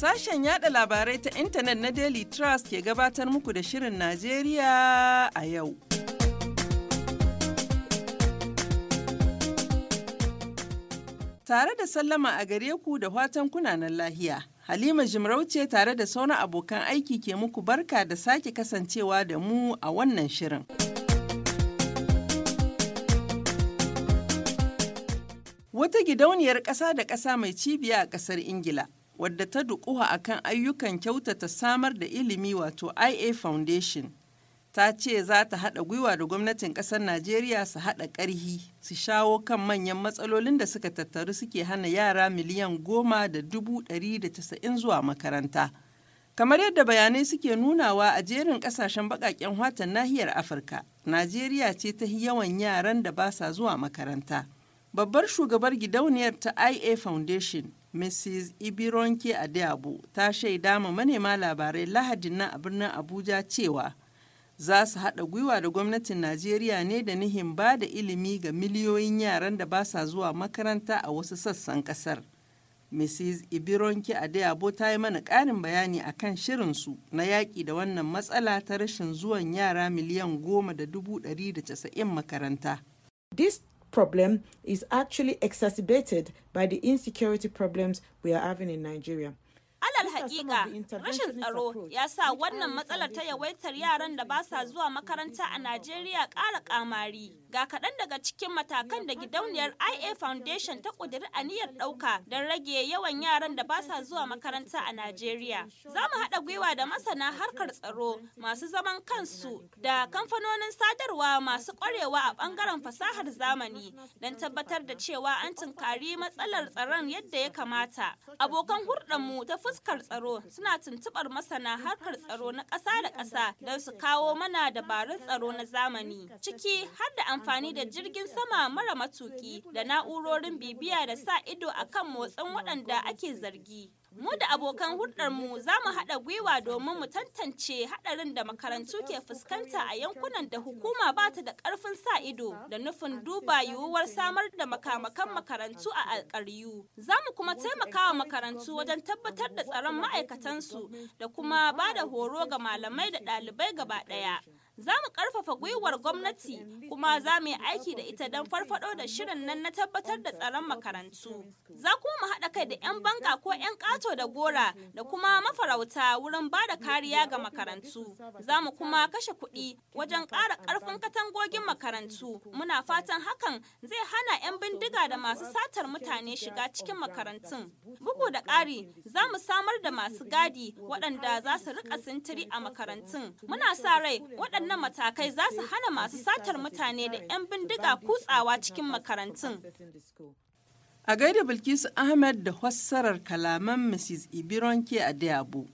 Sashen yada labarai ta intanet na Daily Trust ke gabatar muku da Shirin Najeriya a yau. Tare da sallama a gare ku da watan kunanan lahiya, Halima Jimarauce tare da sauran abokan aiki ke muku barka da sake kasancewa da mu a wannan shirin. Wata gidauniyar ƙasa da ƙasa mai cibiya a ƙasar Ingila. wadda ta dukuwa akan ayyukan kyautata samar da ilimi wato IA Foundation. Ta ce za ta haɗa gwiwa da gwamnatin ƙasar Najeriya su haɗa ƙarhi su shawo kan manyan matsalolin da suka tattaru suke hana yara miliyan goma da dubu ɗari da tasa'in zuwa makaranta. Kamar yadda bayanai suke nunawa a jerin ƙasashen baƙaƙen watan nahiyar Afirka, Najeriya ce ta yawan yaran da ba sa zuwa makaranta. Babbar shugabar gidauniyar ta IA Foundation, Mrs. Ibironke Adeabu ta shaida ma manema labarai Lahadin nan a birnin Abuja cewa za su haɗa gwiwa da gwamnatin Najeriya ne da nihin ba da ilimi ga miliyoyin yaran da ba sa zuwa makaranta a wasu sassan ƙasar. Mrs. Ibironke Adeabo ta yi mana ƙarin bayani a kan shirinsu na yaƙi da wannan matsala ta rashin zuwan yara miliyan goma da dubu ɗari da casa'in makaranta. This problem is actually exacerbated by the insecurity problems we are having in Nigeria. alal hakika rashin tsaro ya sa wannan matsalar ta yawaitar yaran da ba sa zuwa makaranta a najeriya ƙara ƙamari, ga kaɗan daga cikin matakan da gidauniyar ia foundation ta ƙudiri aniyar ɗauka don rage yawan yaran da ba sa zuwa makaranta a najeriya za mu haɗa gwiwa da masana harkar tsaro masu zaman kansu da kamfanonin sadarwa masu ƙwarewa a ɓangaren fasahar zamani don tabbatar da cewa an tunkari matsalar tsaron yadda ya kamata abokan hurɗanmu ta fuskar tsaro suna tuntuɓar masana harkar tsaro na ƙasa da ƙasa don su kawo mana dabarun tsaro na zamani ciki har da amfani da jirgin sama mara matuki da na'urorin bibiya da sa ido akan motsin waɗanda ake zargi. Mu da abokan hulɗarmu za mu haɗa gwiwa domin mu tantance haɗarin da makarantu ke fuskanta a yankunan da hukuma ba ta da ƙarfin sa ido da nufin duba yiwuwar samar da makamakan makarantu a alƙaryu. Za mu kuma taimaka wa makarantu wajen tabbatar da tsaron ma'aikatansu da kuma ba da horo ga malamai da ɗalibai gaba ɗaya. gwiwar gwamnati kuma za mu yi aiki da ita don farfado da shirin nan na tabbatar da tsaron makarantu. Za kuma mu haɗa kai da 'yan banka ko 'yan ƙato da gora da kuma mafarauta wurin ba da kariya ga makarantu. Za mu kuma kashe kuɗi wajen ƙara ƙarfin katangogin makarantu. Muna fatan hakan zai hana 'yan bindiga da masu satar mutane shiga cikin makarantun. Bugu da ƙari za mu samar da masu gadi waɗanda za su riƙa sintiri a makarantun. Muna sa rai waɗannan matakai za su hana masu satar mutane da 'yan bindiga kutsawa cikin makarantun. A gaida Bilkisu Ahmed da fassarar kalaman Mrs. Ibironke a Diabo.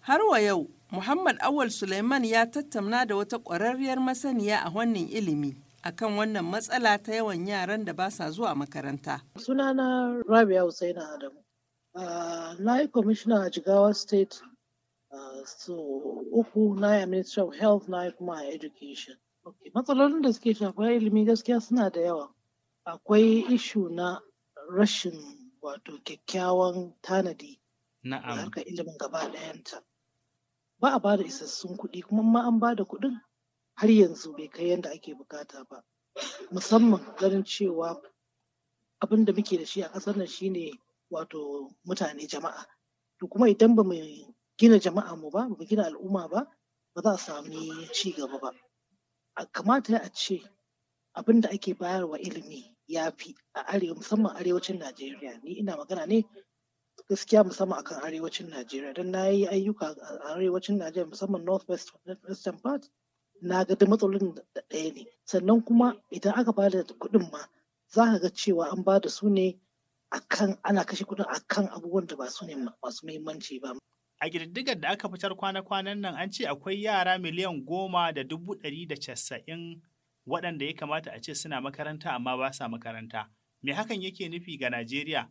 Har wa yau, Muhammad Awal Suleiman ya tattauna da wata ƙwararriyar masaniya a wannan ilimi akan wannan matsala ta yawan yaran da ba sa zuwa makaranta. Sunana Rabia Hussaina Adamu. Uh, na yi kwamishina a Jigawa State so uku na ya ministry of health na kuma education okay. matsalolin da suke shafa ilimi gaskiya suna da yawa akwai ishu na rashin wato kyakkyawan tanadi na'am harka ilimin gaba ɗayanta ba a bada isassun kuɗi kuma ma an bada kuɗin har yanzu bai kai yadda ake bukata ba musamman ganin cewa abin da muke da shi a ƙasar nan shine wato mutane jama'a to kuma idan ba mu gina jama'a mu ba ba gina al'umma ba ba za a sami ci gaba ba a kamata a ce abin da ake bayarwa ilimi ya fi a arewa musamman arewacin najeriya ni ina magana ne gaskiya musamman akan arewacin najeriya don na yi ayyuka a arewacin najeriya musamman north west western part na ga da matsalolin da ɗaya ne sannan kuma idan aka ba da kuɗin ma za ka ga cewa an bada su ne akan ana kashe kuɗin akan abubuwan da ba su ne masu muhimmanci ba A ƙididdigar da aka fitar kwana-kwanan nan an ce akwai yara miliyan goma da dubu ɗari da casa'in waɗanda ya kamata a ce suna makaranta amma ba sa makaranta. Me hakan yake nufi ga Najeriya?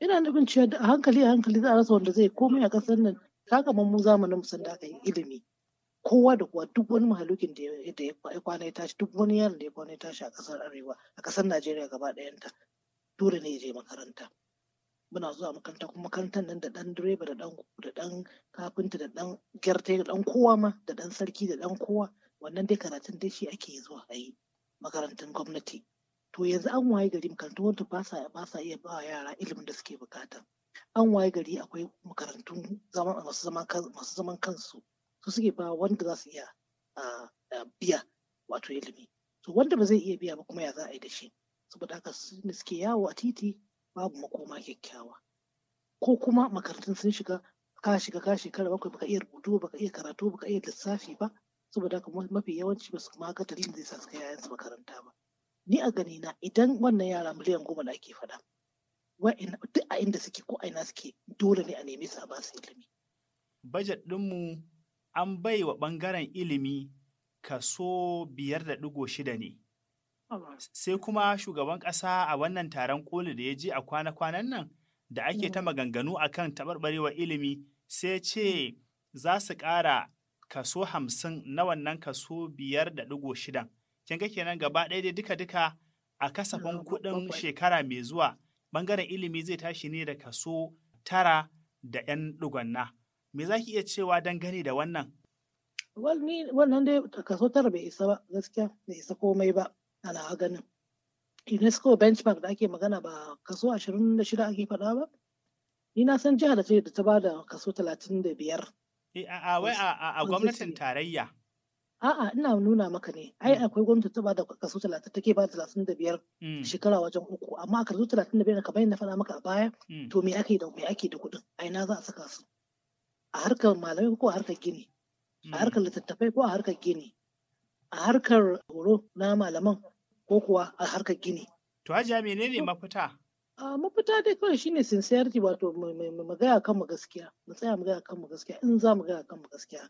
Ina nufin cewa da hankali a hankali za a rasa wanda zai komai a ƙasar nan sakamakon mu zamanin mu sanda aka yi ilimi. Kowa da kowa duk wani mahalukin da ya kwana ya tashi duk wani yaron da ya kwana ya tashi a ƙasar Arewa a ƙasar Najeriya gaba ɗayanta dole ne ya je makaranta. muna zuwa makaranta kuma makarantar nan da dan direba da dan kafinta da dan gyarte da dan kowa ma da dan sarki da dan kowa wannan dai karatun dai shi ake zuwa a yi makarantun gwamnati to yanzu an waye gari makarantu wanda ba sa ba sa iya ba yara ilimin da suke bukata an waye gari akwai makarantun zaman masu zaman masu zaman kansu su suke ba wanda za su iya biya wato ilimi to wanda ba zai iya biya ba kuma ya za a yi da shi saboda haka su suke yawo a titi babu makoma kyakkyawa ko kuma makarantun sun shiga ka shiga ka shekara bakwai baka iya rubutu baka iya karatu baka iya lissafi ba saboda haka mafi yawanci ba su ma ga dalilin zai sa su kai yayansu makaranta ba ni a gani na idan wannan yara miliyan goma da ake faɗa duk a inda suke ko a ina suke dole ne a nemi su a ba su ilimi. Bajet ɗinmu an bai wa ɓangaren ilimi kaso biyar da ɗigo shida ne. Sai kuma shugaban ƙasa a wannan taron koli da ya je a kwana-kwanan nan da ake ta mm. maganganu a kan taɓarɓarewar ilimi sai ce mm. za su ƙara kaso hamsin na wannan kaso biyar da ɗigo shidan. Kin ga kenan gaba ɗaya dai duka-duka a kasafin kuɗin shekara mai zuwa ɓangaren ilimi zai tashi ne da kaso tara da 'yan ɗugwanna. Me za ki iya cewa dangane da wannan? Wannan dai kaso tara bai isa ba gaskiya bai isa komai ba. a ganin unesco benchmark da ake magana ba kaso ashirin da shida ake faɗa ba ni na san jihar da ce da ta ba da kaso talatin da biyar e, a wai gwamnatin tarayya a'a ina nuna maka ne ai hmm. akwai gwamnati ta ba da kaso talatin take ba talatin da biyar hmm. shekara wajen uku amma a kaso talatin da biyar kamar yadda faɗa maka a baya hmm. to me ake da me ake da kuɗin ai na za a saka su a harkar malamai ko a harkar gini a harkar littattafai ko a harkar gini a harkar horo na malaman ko kuwa a harkar gini. To hajiya menene mafita? A mafita dai kawai shine sincerity wato mu magaya kan mu gaskiya, mu tsaya mu kan mu gaskiya in za mu gaya kan mu gaskiya.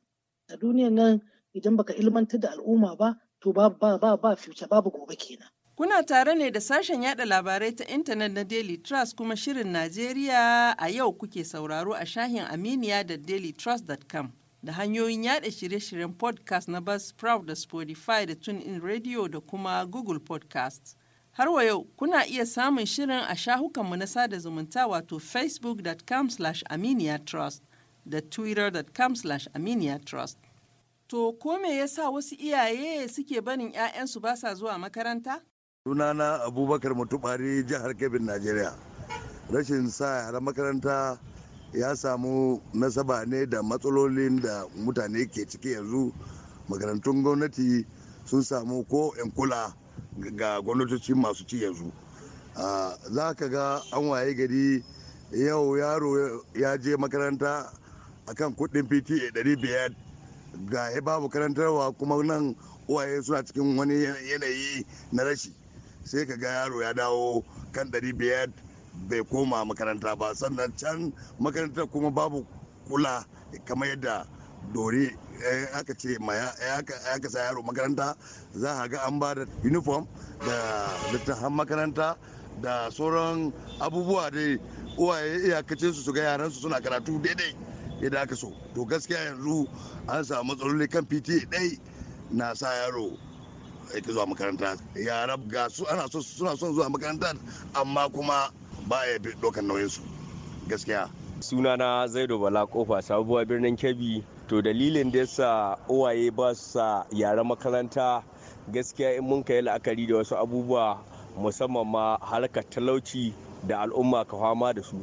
A duniyan nan idan baka ilmantar da al'umma ba to ba ba ba ba future babu gobe kenan. Kuna tare ne da sashen yada labarai ta intanet na Daily Trust kuma shirin Najeriya a yau kuke sauraro a shahin Aminiya da dailytrust.com. da hanyoyin yada shirye-shiryen podcast na Buzzsprout da Spotify da TuneIn Radio da kuma Google Podcast. Har wa yau kuna iya samun shirin a shahukanmu na sada zumunta wato facebook.com trust da twittercom trust. To ko me yasa wasu iyaye suke barin 'ya'yansu ba sa zuwa makaranta? Sunana Abubakar Mutubari jihar Kebbi, Najeriya. Rashin sa yaran makaranta ya samu nasaba ne da matsalolin da mutane ke ciki yanzu makarantun gwamnati sun samu ko yan kula ga gwamnatoci masu ci yanzu za ka ga an waye gari yau yaro ya je makaranta akan kudin pta 500 ga ya babu karantarwa kuma nan uwaye suna cikin wani yanayi na rashi sai ka ga yaro ya dawo kan 500 bai koma makaranta ba sannan can makarantar kuma babu kula kamar yadda dori eh, aka ce aka sa yaro makaranta za a ga an ba da uniform da littafan makaranta da sauran abubuwa dai uwaye iyakacin su su ga yaransu suna karatu daidai yadda aka so to gaskiya yanzu an samu matsaloli kan pta dai na sa yaro ya zuwa makaranta yara ga su so suna son zuwa makaranta amma kuma ba ya nauyin su gaskiya sunana zaido bala kofa sabuwa birnin kebbi to dalilin da yasa uwaye ba sa yaren makaranta gaskiya in mun kai la'akari da wasu abubuwa musamman ma harkar talauci da al'umma ka fama da su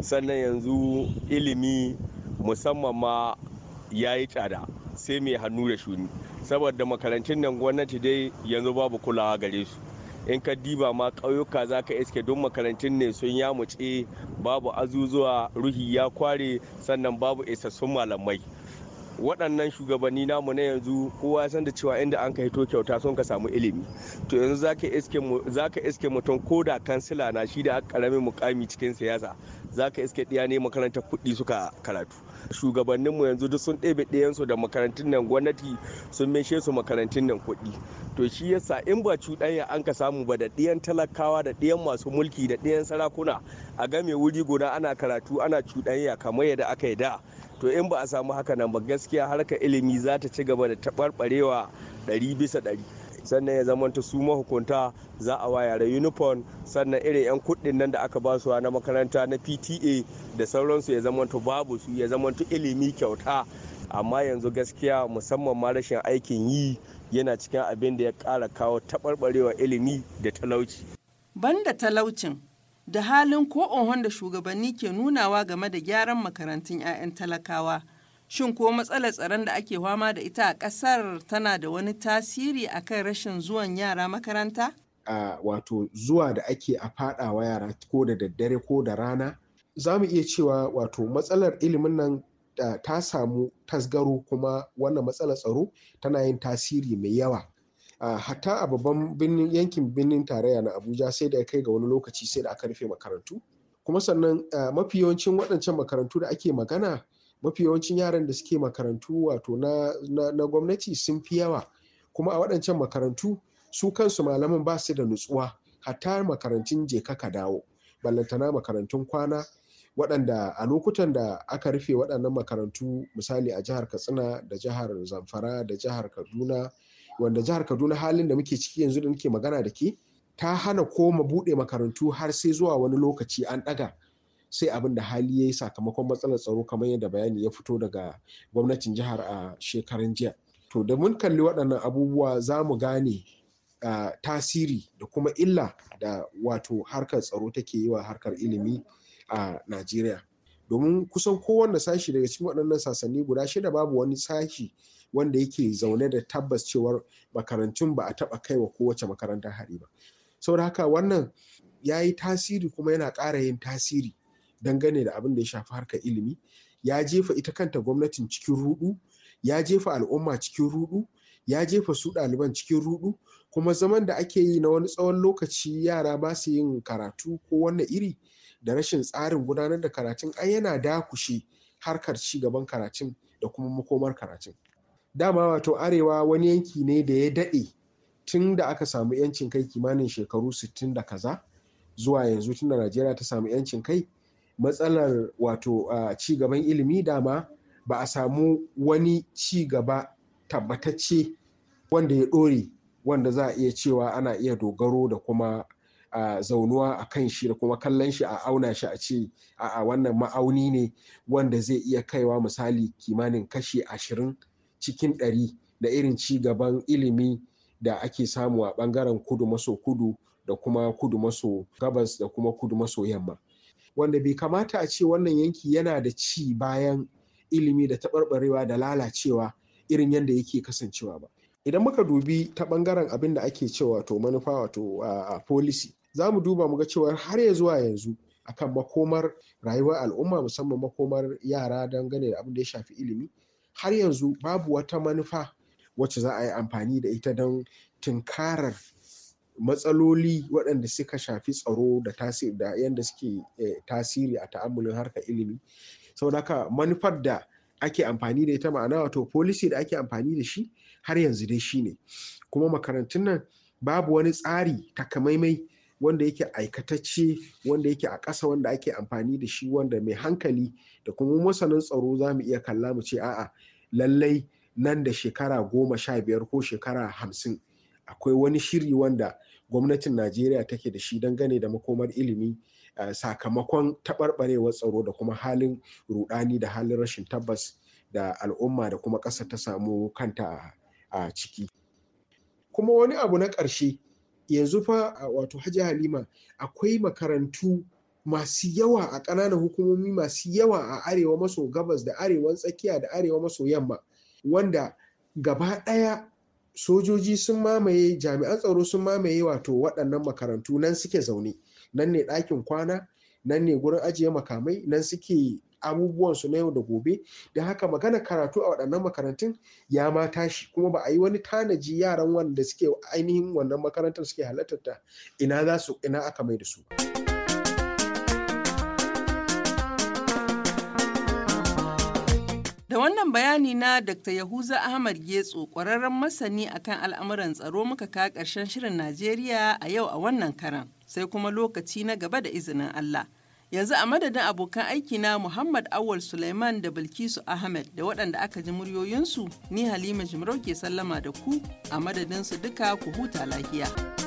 sannan yanzu ilimi musamman ma ya yi tsada sai mai hannu da shuni saboda makarantun nan gwamnati dai yanzu babu kulawa gare su in ka diba ma ƙauyuka za ka iske don makarantun ne sun yamuce babu azuzuwa ruhi ya kware sannan babu isassun malamai waɗannan shugabanni namu na yanzu kowa ya san da cewa inda an ka hito kyauta sun ka samu ilimi to yanzu za ka iske mutum ko da kansila na shi da karamin mukami cikin siyasa za ka iske ɗiya ne makaranta kuɗi suka karatu shugabanninmu yanzu duk sun ɗebe ɗiyansu da makarantun nan gwamnati sun mishe su makarantun nan kuɗi to shi yasa in ba cuɗanya an ka samu ba da ɗiyan talakawa da ɗiyan masu mulki da ɗiyan sarakuna a game wuri guda ana karatu ana cuɗanya kamar yadda aka yi da to in ba a samu haka nan ba gaskiya harka ilimi za ta ci gaba da taɓarɓarewa ɗari bisa ɗari sannan ya zamanta su mahukunta za a waya da uniform sannan irin 'yan kuɗin nan da aka ba su na makaranta na pta da sauransu ya zamanta babu su ya zamanta ilimi kyauta amma yanzu gaskiya musamman ma rashin aikin yi yana cikin abin da ya ƙara kawo taɓarɓarewa ilimi da talauci banda talaucin da halin ko ohon da shugabanni ke nunawa game da gyaran makarantun 'ya'yan talakawa. Shin ko matsalar tsaron da ake fama da ita a ƙasar tana da wani tasiri akan rashin zuwan yara makaranta? a wato zuwa da ake a faɗawa yara ko da daddare ko da rana za mu iya cewa wato matsalar ilimin nan ta samu tasgaro kuma wannan matsalar tsaro tana yin tasiri mai yawa Uh, hatta a babban birnin yankin birnin tarayya na abuja sai da ya kai ga wani lokaci sai da aka rufe makarantu kuma sannan uh, mafi yawancin waɗancan makarantu da ake magana mafi yawancin yaran da suke makarantu wato na, na, na gwamnati sun fi yawa kuma a waɗancan makarantu su kansu malaman ba su da nutsuwa hatta makarantun je ka dawo ballantana makarantun kwana waɗanda a lokutan da aka rufe waɗannan makarantu misali a jihar katsina da jihar zamfara da jihar kaduna wanda jihar kaduna halin da muke ciki yanzu da muke magana da ke ta hana koma buɗe makarantu har sai zuwa wani lokaci an ɗaga sai abin da hali ya yi sakamakon matsalar tsaro kamar yadda bayani ya fito daga gwamnatin jihar a shekaran jiya to da mun kalli waɗannan abubuwa za mu gane tasiri da kuma illa da wato harkar tsaro take yi wa harkar ilimi a najeriya domin kusan kowanne sashi daga cikin waɗannan sasanni guda shida babu wani sashi wanda yake zaune da tabbas cewar makarantun ba a taɓa kaiwa kowace makaranta hari ba saboda haka wannan ya yi tasiri kuma yana ƙara yin tasiri dangane da abin da ya shafi harkar ilimi ya jefa ita kanta gwamnatin cikin rudu ya jefa al'umma cikin rudu ya jefa su ɗaliban cikin rudu kuma zaman da ake yi na wani tsawon lokaci yara ba su yin karatu ko wannan iri da rashin tsarin gudanar da karatun ai yana dakushe harkar ci gaban karatun da kuma makomar karatun dama wato arewa wani yanki ne da ya daɗe tun da aka samu yancin kai kimanin shekaru 60 da kaza zuwa yanzu tun da najeriya ta samu yancin kai matsalar wato ci gaban ilimi dama ba a samu wani ci gaba tabbatacce wanda ya ɗore wanda za a iya cewa ana iya dogaro da kuma a zaunuwa a kan shi da kuma kallon shi a auna shi a ce a wannan ma'auni ne wanda zai iya kaiwa misali kimanin kashi ashirin cikin ɗari da irin ci gaban ilimi da ake samu a ɓangaren kudu maso kudu da kuma kudu maso gabas da kuma kudu maso yamma wanda bai kamata a ce wannan yanki yana da ci bayan ilimi da taɓarɓarewa da lalacewa irin yadda yake kasancewa ba idan muka dubi ta ɓangaren abin da ake cewa to manufa wato a policy za mu duba mu ga cewa har ya zuwa yanzu akan makomar rayuwar al'umma musamman makomar yara dangane da abin da ya shafi ilimi har yanzu babu wata manufa wacce za a yi amfani da ita don tunkarar matsaloli waɗanda suka shafi tsaro da yadda suke eh, tasiri a ta'amulin harkar ilimi da haka manufar da ake amfani da ita ma'ana wato policy da ake amfani da shi har yanzu dai shine kuma makarantun nan babu wani tsari takamaimai wanda yake aikatacce wanda yake a ƙasa wanda ake amfani da shi wanda mai hankali da kuma masanin tsaro za mu iya kalla mu ce a'a lallai nan da shekara goma sha biyar ko shekara hamsin akwai wani shiri wanda gwamnatin najeriya take da shi dangane da makomar ilimi eh, sakamakon taɓarɓarewar tsaro da kuma halin rudani da halin rashin tabbas da al'umma da kuma ƙasa ta samu kanta a ciki kuma wani abu na ƙarshe yanzu fa wato hajji halima akwai makarantu masu yawa a ƙananan hukumomi masu yawa a arewa maso gabas da arewa tsakiya da arewa maso yamma wanda gaba ɗaya sojoji sun mamaye jami'an tsaro sun mamaye wato waɗannan makarantu nan suke zaune nan ne ɗakin kwana nan ne gurin ajiye makamai nan suke abubuwansu na yau da gobe da haka magana karatu a waɗannan makarantun ya ma tashi kuma ba a yi wani tanaji yaran wanda suke ainihin wannan makarantar suke halartar ta ina za su ina aka mai da su. Da wannan bayani na Dr. Yahuza Ahmad Getso ƙwararren masani akan al'amuran tsaro muka ka ƙarshen shirin Najeriya a yau a wannan karan sai kuma lokaci na gaba da izinin Allah. Yanzu a madadin abokan aikina Muhammad Awal Suleiman da Bilkisu Ahmed da waɗanda aka ji muryoyinsu, ni Halima Jimarau ke sallama da ku a madadinsu duka ku huta lafiya.